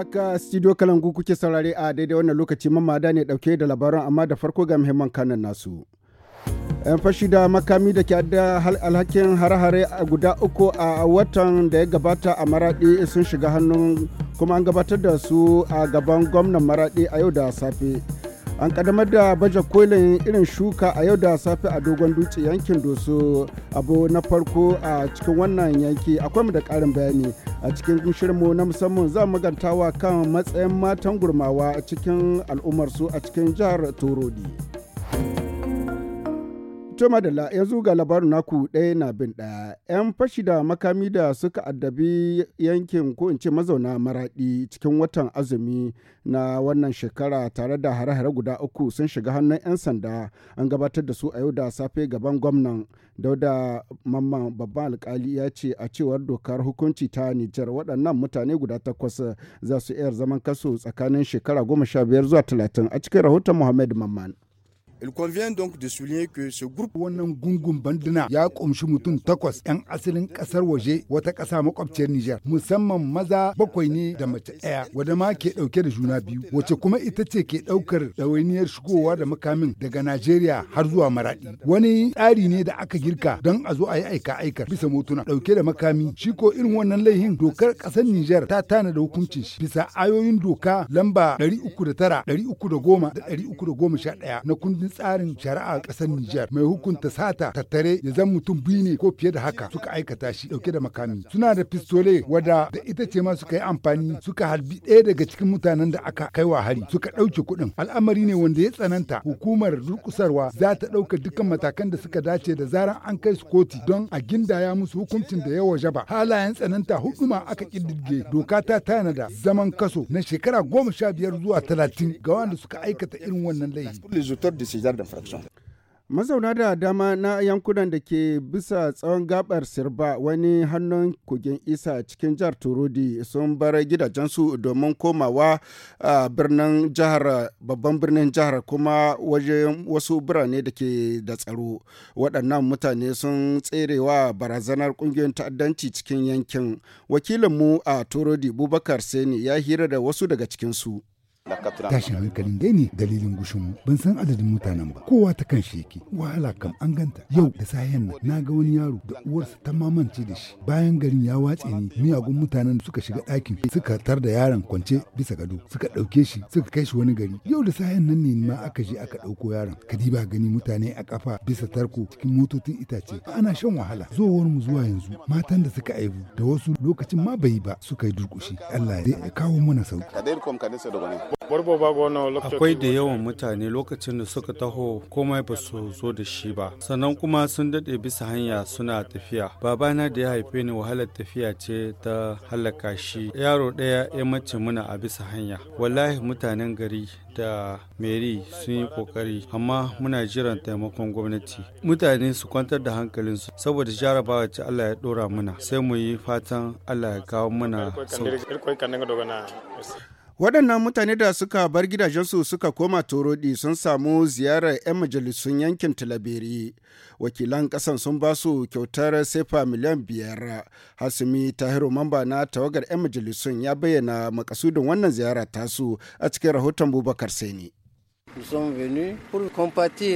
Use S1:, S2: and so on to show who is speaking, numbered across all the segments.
S1: Aka studio kalangu kuke saurare a daidai wannan lokaci mamada ne dauke da labaran amma da farko ga muhimman kanan nasu. 'yan fashi da makami da ke da alhakin hare-hare guda uku a watan da ya gabata a maraɗi sun shiga hannun kuma an gabatar da su a gaban gwamnan maraɗi a yau da safe an kaddamar da baje kolin irin shuka a yau da safe a dogon dutse yankin doso abu na farko a cikin wannan yanki akwai mu da karin bayani a cikin shirinmu na musamman za mu gantawa kan matsayin matan gurmawa a cikin al'ummar su a cikin jihar torodi. To madalla yanzu ga labarin naku ɗaya na bin ɗaya. 'Yan fashi da makami da suka addabi yankin ko in ce mazauna maraɗi cikin watan azumi na wannan shekara tare da hare-hare guda uku sun shiga hannun 'yan sanda an gabatar da su a yau da safe gaban gwamnan dauda mamman babban alkali ya ce a cewar dokar hukunci ta Nijar waɗannan mutane guda takwas za su iya zaman kaso tsakanin shekara goma sha biyar zuwa talatin a cikin rahoton Muhammad Mamman.
S2: Il convient donc de souligner que ce groupe wannan gungun banduna ya kumshi mutum takwas 'yan asalin kasar waje wata ƙasa makwabciyar Nijar musamman maza bakwai ne da mace ɗaya wadda ma ke ɗauke da juna biyu wacce kuma ita ce ke ɗaukar dawainiyar shigowa da makamin daga Najeriya har zuwa Maraɗi wani tsari ne da aka girka don a zo a yi aika aikar bisa motuna ɗauke da makami shi ko irin wannan laihin dokar kasar Nijar ta tana da hukuncin shi bisa ayoyin doka lamba 309 310 da 311 na kundin kundin tsarin shari'a ƙasar Nijar mai hukunta sata tattare ya zan mutum biyu ne ko fiye da haka suka aikata shi dauke da makami. Suna da pistole wada da ita ce ma suka yi amfani suka harbi ɗaya daga cikin mutanen da aka kai wa hari suka ɗauke kuɗin. Al'amari ne wanda ya tsananta hukumar rukusarwa za ta ɗauka dukkan matakan da suka dace da zaran an kai su koti don a gindaya musu hukuncin da ya waje ba. Halayen tsananta hudu aka ƙiddige doka ta tanada zaman kaso na shekara goma sha biyar zuwa talatin ga wanda suka aikata irin wannan laifi. cizar da fraction. mazauna
S1: da dama na yankunan da ke bisa tsawon gabar sirba wani hannun kogin isa cikin jihar turudi sun bar gidajensu domin komawa a birnin jihar babban birnin jihar kuma wajen wasu birane da ke da tsaro waɗannan mutane sun tserewa barazanar ƙungiyoyin ta'addanci cikin yankin wakilinmu a turudi bubakar seni ya hira da wasu daga cikinsu.
S2: tashin hankalin dai ne dalilin gushin mu ban san adadin mutanen ba kowa ta kan shi yake wahala kam an ganta yau da sayan nan na ga wani yaro da uwarsa ta mamance da shi bayan garin ya watse ni miyagun mutanen da suka shiga ɗakin suka tar da yaron kwance bisa gado suka ɗauke shi suka kai shi wani gari yau da sayan nan ne ma aka je aka ɗauko yaron kadiba gani mutane a kafa bisa tarko cikin motocin itace ana shan wahala zowar mu zuwa yanzu matan da suka aibu da wasu lokacin ma bai ba suka yi durƙushi Allah ya kawo mana sauki
S3: Akwai da yawan mutane lokacin da suka taho komai ba su zo da shi ba. Sannan kuma sun daɗe bisa hanya suna tafiya. Babana da ya haife ni wahalar tafiya ce ta halaka shi. Yaro ɗaya ya mace muna a bisa hanya. Wallahi mutanen gari da Mary sun yi kokari amma muna jiran taimakon gwamnati. Mutane su kwantar da hankalinsu saboda jarabawa ce Allah ya ɗora muna sai mu yi fatan Allah ya kawo muna Waɗannan mutane da
S1: suka bar gidajensu suka koma Torodi sun samu ziyarar 'yan majalisun yankin talabiri Wakilan ƙasan sun ba su kyautar sefa miliyan biyar. Hasumi Tahiru Mamba na tawagar 'yan majalisun ya bayyana makasudin wannan ziyara tasu a cikin rahoton Bubakar saini.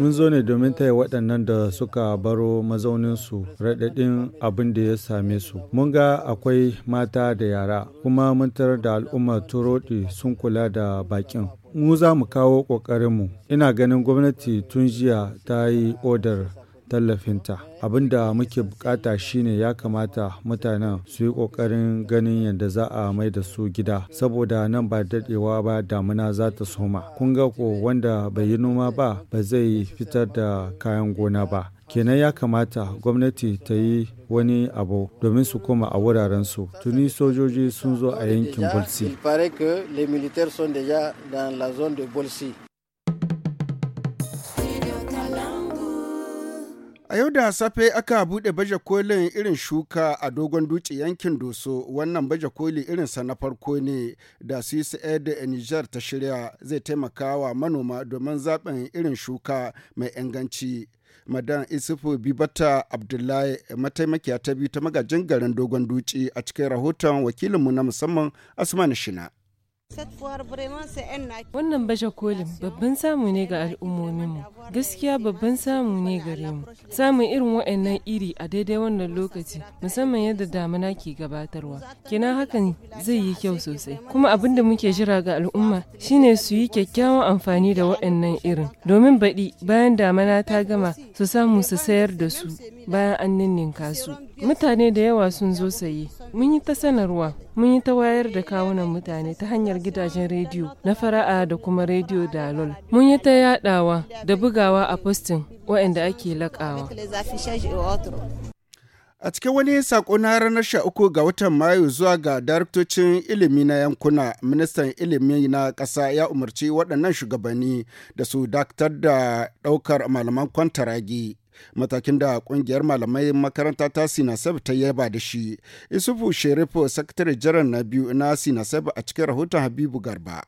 S3: Mun zo ne domin taya waɗannan da suka baro mazauninsu raɗaɗin abin da ya same su. Mun ga akwai mata da yara, kuma mun tarar da al'ummar turoɗi sun kula da bakin. Mu za mu kawo ƙoƙarinmu. Ina ganin gwamnati tun jiya ta yi odar tallafinta abin da muke bukata shine ya kamata mutanen su yi kokarin ganin yadda za a mai da su gida saboda nan ba dadewa ba damuna za ta soma kun ga ko wanda bai yi noma ba ba zai fitar da kayan gona ba kenan ya kamata gwamnati ta yi wani abu domin su koma a wuraren su. tuni sojoji sun zo a yankin
S1: bolsi A yau da safe aka buɗe baje kolin irin shuka a dogon dutse yankin Doso wannan baje koli irinsa na farko ne da da Niger ta shirya zai taimaka wa manoma domin zaɓin irin shuka mai inganci. Madan Isufu Bibata Abdullahi mataimakiya ta biyu ta magajin garin dogon dutse a cikin rahoton wakilinmu na musamman Asman Shina.
S4: Wannan baje kolin babban samu ne ga al'ummominmu, gaskiya babban samu ne gare mu. Samun irin wa'annan iri a daidai wannan lokaci, musamman yadda damuna ke gabatarwa. kina hakan zai yi kyau sosai. Kuma abin da muke jira ga al'umma shine su yi kyakkyawan amfani da wa'annan irin. Domin baɗi bayan damuna ta gama su samu su sayar da su bayan an ninninka su. Mutane da yawa sun zo saye, mun yi ta sanarwa mun yi ta wayar da kawunan mutane ta hanyar gidajen rediyo na fara'a da kuma rediyo dalol mun yi ta yadawa da bugawa a postin waɗanda ake lakawa a cikin wani sako na ranar sha uku
S1: ga watan mayu zuwa ga daraktocin ilimi na yankuna ministan ilimi na ƙasa ya umarci waɗannan shugabanni da su daktar da ɗaukar malaman kwantaragi matakin da kungiyar malamai makaranta ta sinasab ta yaba da shi isufu sherifu sakatare jiran na biyu na sinasab a cikin rahoton habibu garba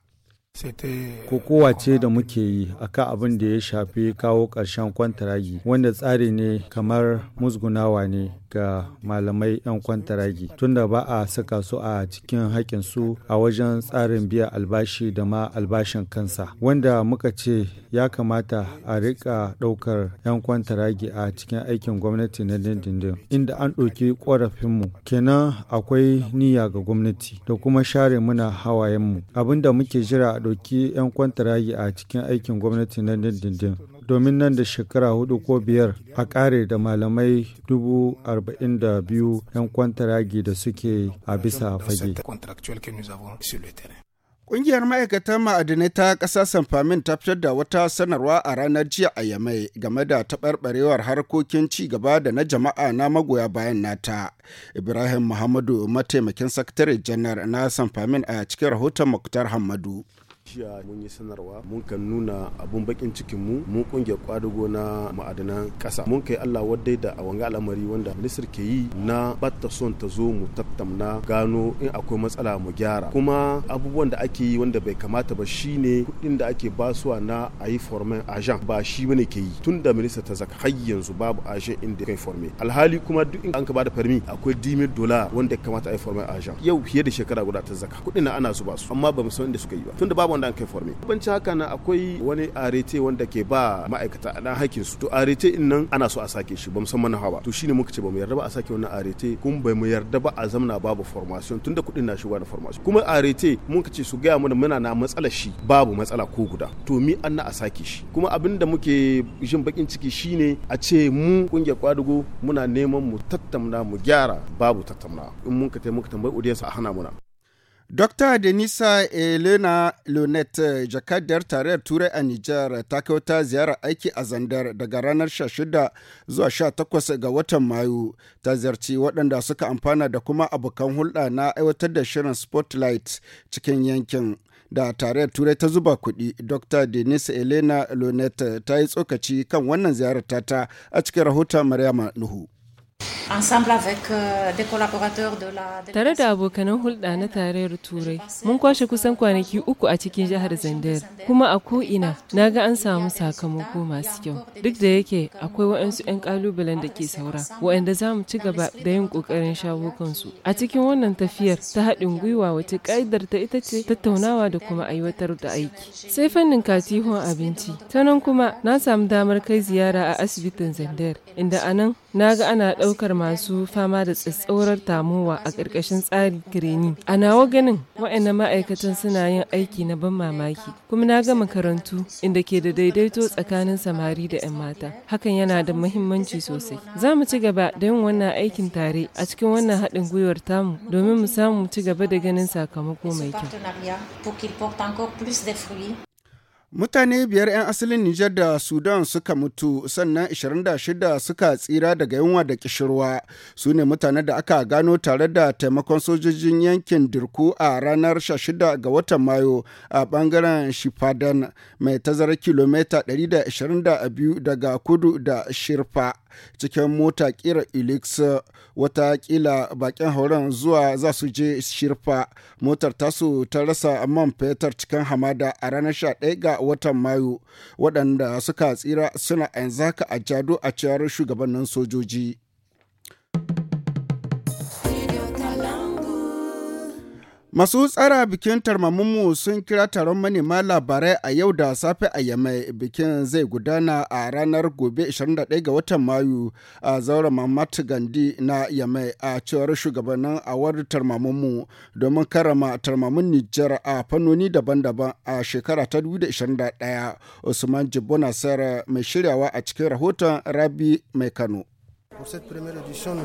S3: kokowa ce da muke yi akan abin da ya shafi kawo ƙarshen kwantaragi wanda tsari ne kamar musgunawa ne ga malamai 'yan kwantaragi tunda ba a saka su a cikin haƙinsu a wajen tsarin biya albashi da ma albashin kansa wanda muka ce ya kamata a rika ɗaukar 'yan kwantaragi a cikin aikin gwamnati na dindindin inda an ɗauki ƙorafinmu kenan akwai niyya ga gwamnati da kuma share muna hawayenmu abinda muke jira ɗauki 'yan kwantaragi a cikin aikin gwamnati na dindindin domin nan da shekara hudu ko biyar a ƙare da malamai dubu arba'in da biyu 'yan kwantaragi da suke a bisa fage. Ƙungiyar ma'aikatan
S1: ma'adinai ta ƙasa Sanfamin ta fitar da wata sanarwa a ranar jiya a Yamai game da taɓarɓarewar harkokin ci gaba da na jama'a na magoya bayan nata. Ibrahim Muhammadu mataimakin sakatare janar na Sanfamin a cikin rahoton Muktar Hamadu.
S5: jiya mun yi sanarwa mun kan nuna abun bakin cikin mu mun kungiyar kwadugo na ma'adanan kasa mun kai Allah wadai da a wanga al'amari wanda minister ke yi na batta son ta zo mu tattauna gano in akwai matsala mu gyara kuma abubuwan da ake yi wanda bai kamata ba shine kudin da ake basuwa na ayi formen agent ba shi bane ke yi tun da minista ta zaka har yanzu babu agent inda kai forme alhali kuma duk in an ka bada farmi akwai dimin dola wanda kamata a yi formen agent yau fiye da shekara guda ta zaka kudin na ana su su amma ba mu san inda suka yi ba tun babu wanda an kai forme haka nan akwai wani arete wanda ke ba ma'aikata dan hakkin su to arete din nan ana so a sake shi ba musamman hawa to shine muka ce ba mu yarda ba a sake wannan arete kun bai mu yarda ba a zamna babu formation tunda kudin na shigowa na formation kuma arete mun ce su gaya mana muna na matsalar shi babu matsala ko guda to mi an na a sake shi kuma abin da muke jin bakin ciki shine a ce mu kungiyar kwadugo muna neman mu tattauna mu gyara babu tattauna in mun ka taimaka tambayi a hana muna Dr. Denisa Elena Lunette
S1: jakadiyar tarayyar Turai a Nijar ta kai wata ziyarar aiki a Zandar daga ranar 16 zuwa 18 ga watan Mayu ta ziyarci waɗanda suka amfana da kuma abokan hulɗa na aiwatar da shirin Spotlight cikin yankin. da tarayyar turai ta zuba kuɗi dr Denisa elena lunette ta yi tsokaci kan wannan ziyarar tata a cikin rahoton maryama nuhu
S4: Euh, Tare da abokanan hulɗa na tarayyar Turai, mun kwashe kusan kwanaki uku a cikin jihar Zandar, kuma a ko'ina na ga an samu sakamako masu kyau. Duk da yake akwai waɗansu 'yan ƙalubalen da ke saura, waɗanda za mu ci gaba da yin ƙoƙarin shawo kansu. A cikin wannan tafiyar ta haɗin gwiwa wace ƙa'idar ta ita ce tattaunawa da kuma aiwatar da aiki. Sai fannin katihon abinci, ta nan kuma na samu damar kai ziyara a asibitin Zandar, inda anan. Na ga ana ɗaukar masu fama da tsatsaurar tamowa a ƙarƙashin tsarin kireni. A nawa ganin wa'annan ma'aikatan suna yin aiki na ban mamaki. Kuma na ga makarantu inda ke da daidaito tsakanin samari da 'yan mata. Hakan yana da muhimmanci sosai. Za mu ci gaba da yin wannan aikin tare a cikin wannan haɗin gwiwar tamu domin mu samu ci gaba da ganin sakamako mai kyau.
S1: Mutane biyar 'yan asalin Nijar da Sudan suka mutu sannan 26 suka tsira daga yunwa da kishirwa su ne mutanen da aka gano tare da taimakon sojojin yankin Dirku a ranar 16 ga watan Mayu a bangaren Shifadan mai tazara kilomita 122 daga kudu da Shirfa cikin mota kira Elixir. watakila bakin hauren zuwa za su je shirfa motar tasu ta rasa man fetur cikin hamada a ranar 11 ga watan mayu waɗanda suka tsira suna yanzu haka a jado a ciyar shugabannin sojoji. Masu tsara bikin tarmamunmu sun kira taron manema labarai a yau da safe a Yamai bikin zai gudana a ranar gobe 21 ga watan Mayu a zauren Mamat Gandhi na Yamai a cewar shugabannin wadda tarmamunmu domin karama tarmamin Nijar a fannoni daban-daban a shekara ta 2021 Usman Jibbo Nasara mai shiryawa a cikin rahoton
S3: Rabi Mai Kano.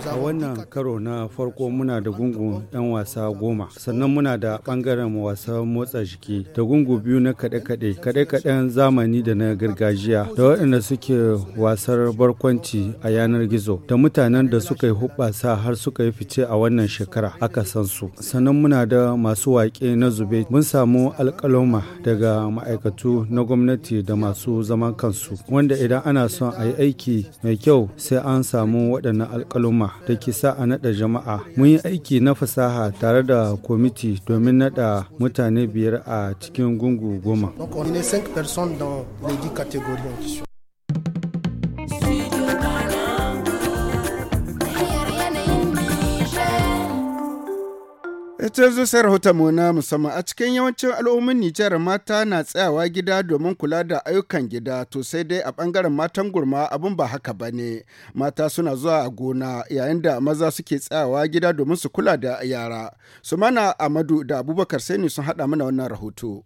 S3: A wannan karo na farko muna da gungun 'yan wasa goma, sannan muna da ɓangaren wasa motsa jiki da gungu biyu na kaɗe-kaɗe, kaɗe-kaɗen zamani da na gargajiya, da waɗanda suke wasar barkwanci a yanar gizo, da mutanen da suka yi hubbasa har suka yi fice a wannan shekara aka san su. Sannan muna da masu waƙe na zube, mun samu alƙaloma daga ma'aikatu na gwamnati da masu zaman kansu, wanda idan ana son a yi aiki mai kyau sai an samu samu waɗannan alƙaluma da ke sa a naɗa jama'a. Mun yi aiki na fasaha tare da kwamiti domin naɗa mutane biyar a cikin gungu goma.
S1: ta zo sai rahotonmu na musamman a cikin yawancin al'ummin Nijar mata na tsayawa gida domin kula da ayyukan gida to sai dai a bangaren matan gurma abin ba haka ba ne. Mata suna zuwa a gona yayin da maza suke tsayawa gida domin su kula da yara. Sumana Amadu da Abubakar sai ne sun haɗa mana wannan rahoto.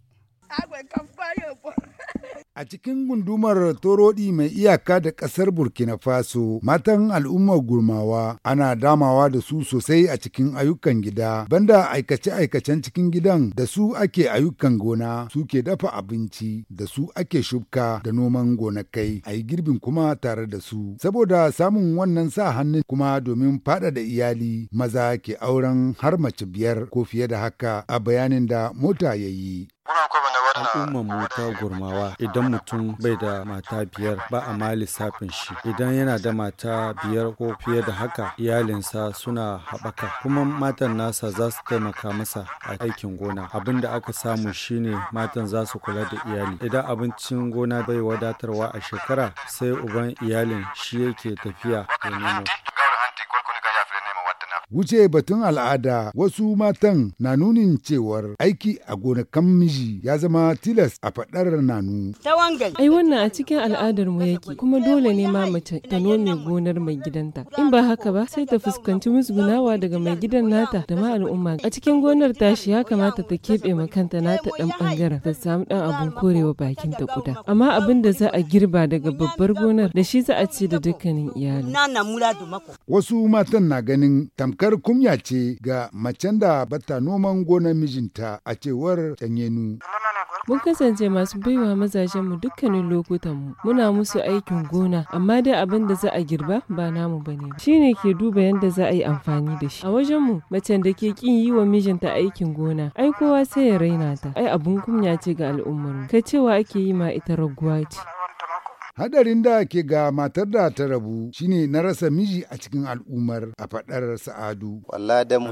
S2: A cikin gundumar Torodi mai iyaka da ƙasar Burkina Faso, matan al'ummar gurmawa ana damawa da su sosai a cikin ayyukan gida, banda aikace-aikacen cikin gidan da su ake ayyukan gona, suke dafa abinci, da su ake shubka da noman gonakai, a yi girbin kuma tare da su. Saboda samun wannan sa hannun kuma domin da iyali, maza ke auren har mace biyar ko fiye da haka a bayanin da mota ya yi.
S3: al'ummar mu ta gurmawa idan mutum bai da mata biyar ba a ma lissafin shi idan yana da mata biyar ko fiye da haka iyalinsa suna haɓaka kuma matan nasa za su taimaka masa a aikin gona abin da aka samu shine matan za su kula da iyali idan abincin gona bai wadatarwa a shekara sai uban iyalin shi yake tafiya ya nemo Wuce batun al'ada
S2: wasu matan na nunin cewar aiki a gonakan miji ya zama tilas a faɗar nanu.
S4: Ai wannan a cikin al'adar mu yake kuma dole ne ma mace ta nome gonar mai gidanta. In ba haka ba sai ta fuskanci musgunawa daga mai gidan nata da ma al'umma. A cikin gonar tashi ya kamata ta keɓe ma kanta nata ɗan ɓangaren ta samu ɗan abun korewa bakin ta guda. Amma abin da za a girba daga babbar gonar da shi za a ci da dukkanin iyali. Wasu matan na
S2: ganin tamkar tamkar kumya ce ga macen da bata noman gonar mijinta a cewar Tanyenu.
S4: Mun kasance masu baiwa mazajen mu dukkanin lokutan mu. Muna musu aikin gona, amma dai abin da za a girba ba namu ba Shi Shine ke duba yadda za a yi amfani da shi. A wajen mu, macen da ke kin yi wa mijinta aikin gona, ai kowa sai ya raina ta. Ai abun kunya ce ga al'ummar mu. Kai cewa ake yi ma ita raguwa ce.
S2: Hadarin da ke ga matar da ta rabu shine na rasa miji a cikin al'ummar a faɗar sa'adu.
S3: A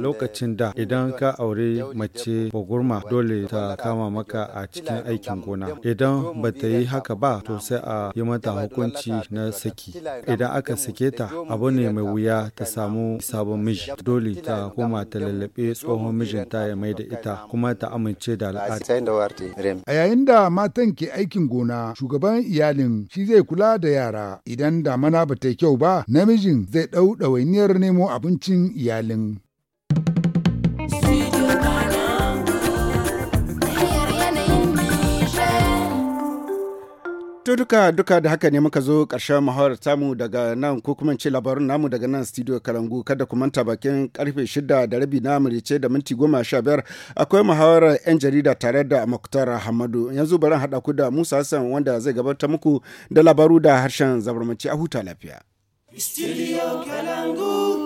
S3: lokacin da idan ka aure mace gurma dole ta kama maka a cikin aikin gona. Idan ba ta yi haka ba to sai a yi mata hukunci na saki. Idan aka sake ta abu ne mai wuya ta samu sabon miji. Dole ta koma ta lallaɓe tsohon mijinta ya mai da ita kuma ta amince da al'ada. A yayin da
S2: matan ke aikin gona shugaban iyalin shi zai zai kula da yara idan damana ba ta kyau ba namijin zai ɗau ɗawainiyar nemo abincin iyalin.
S1: To duka duka da haka ne muka zo ƙarshen mahawar tamu daga nan ko kuma ce labarun namu daga nan studio Kalangu kada ku manta bakin karfe shida da rabi na murice da minti goma sha biyar akwai muhawarar 'yan jarida tare da Muktar Hamadu yanzu bari haɗa ku da Musa Hassan wanda zai gabatar muku da labaru da harshen zabarmaci a huta lafiya. Studio Kalangu.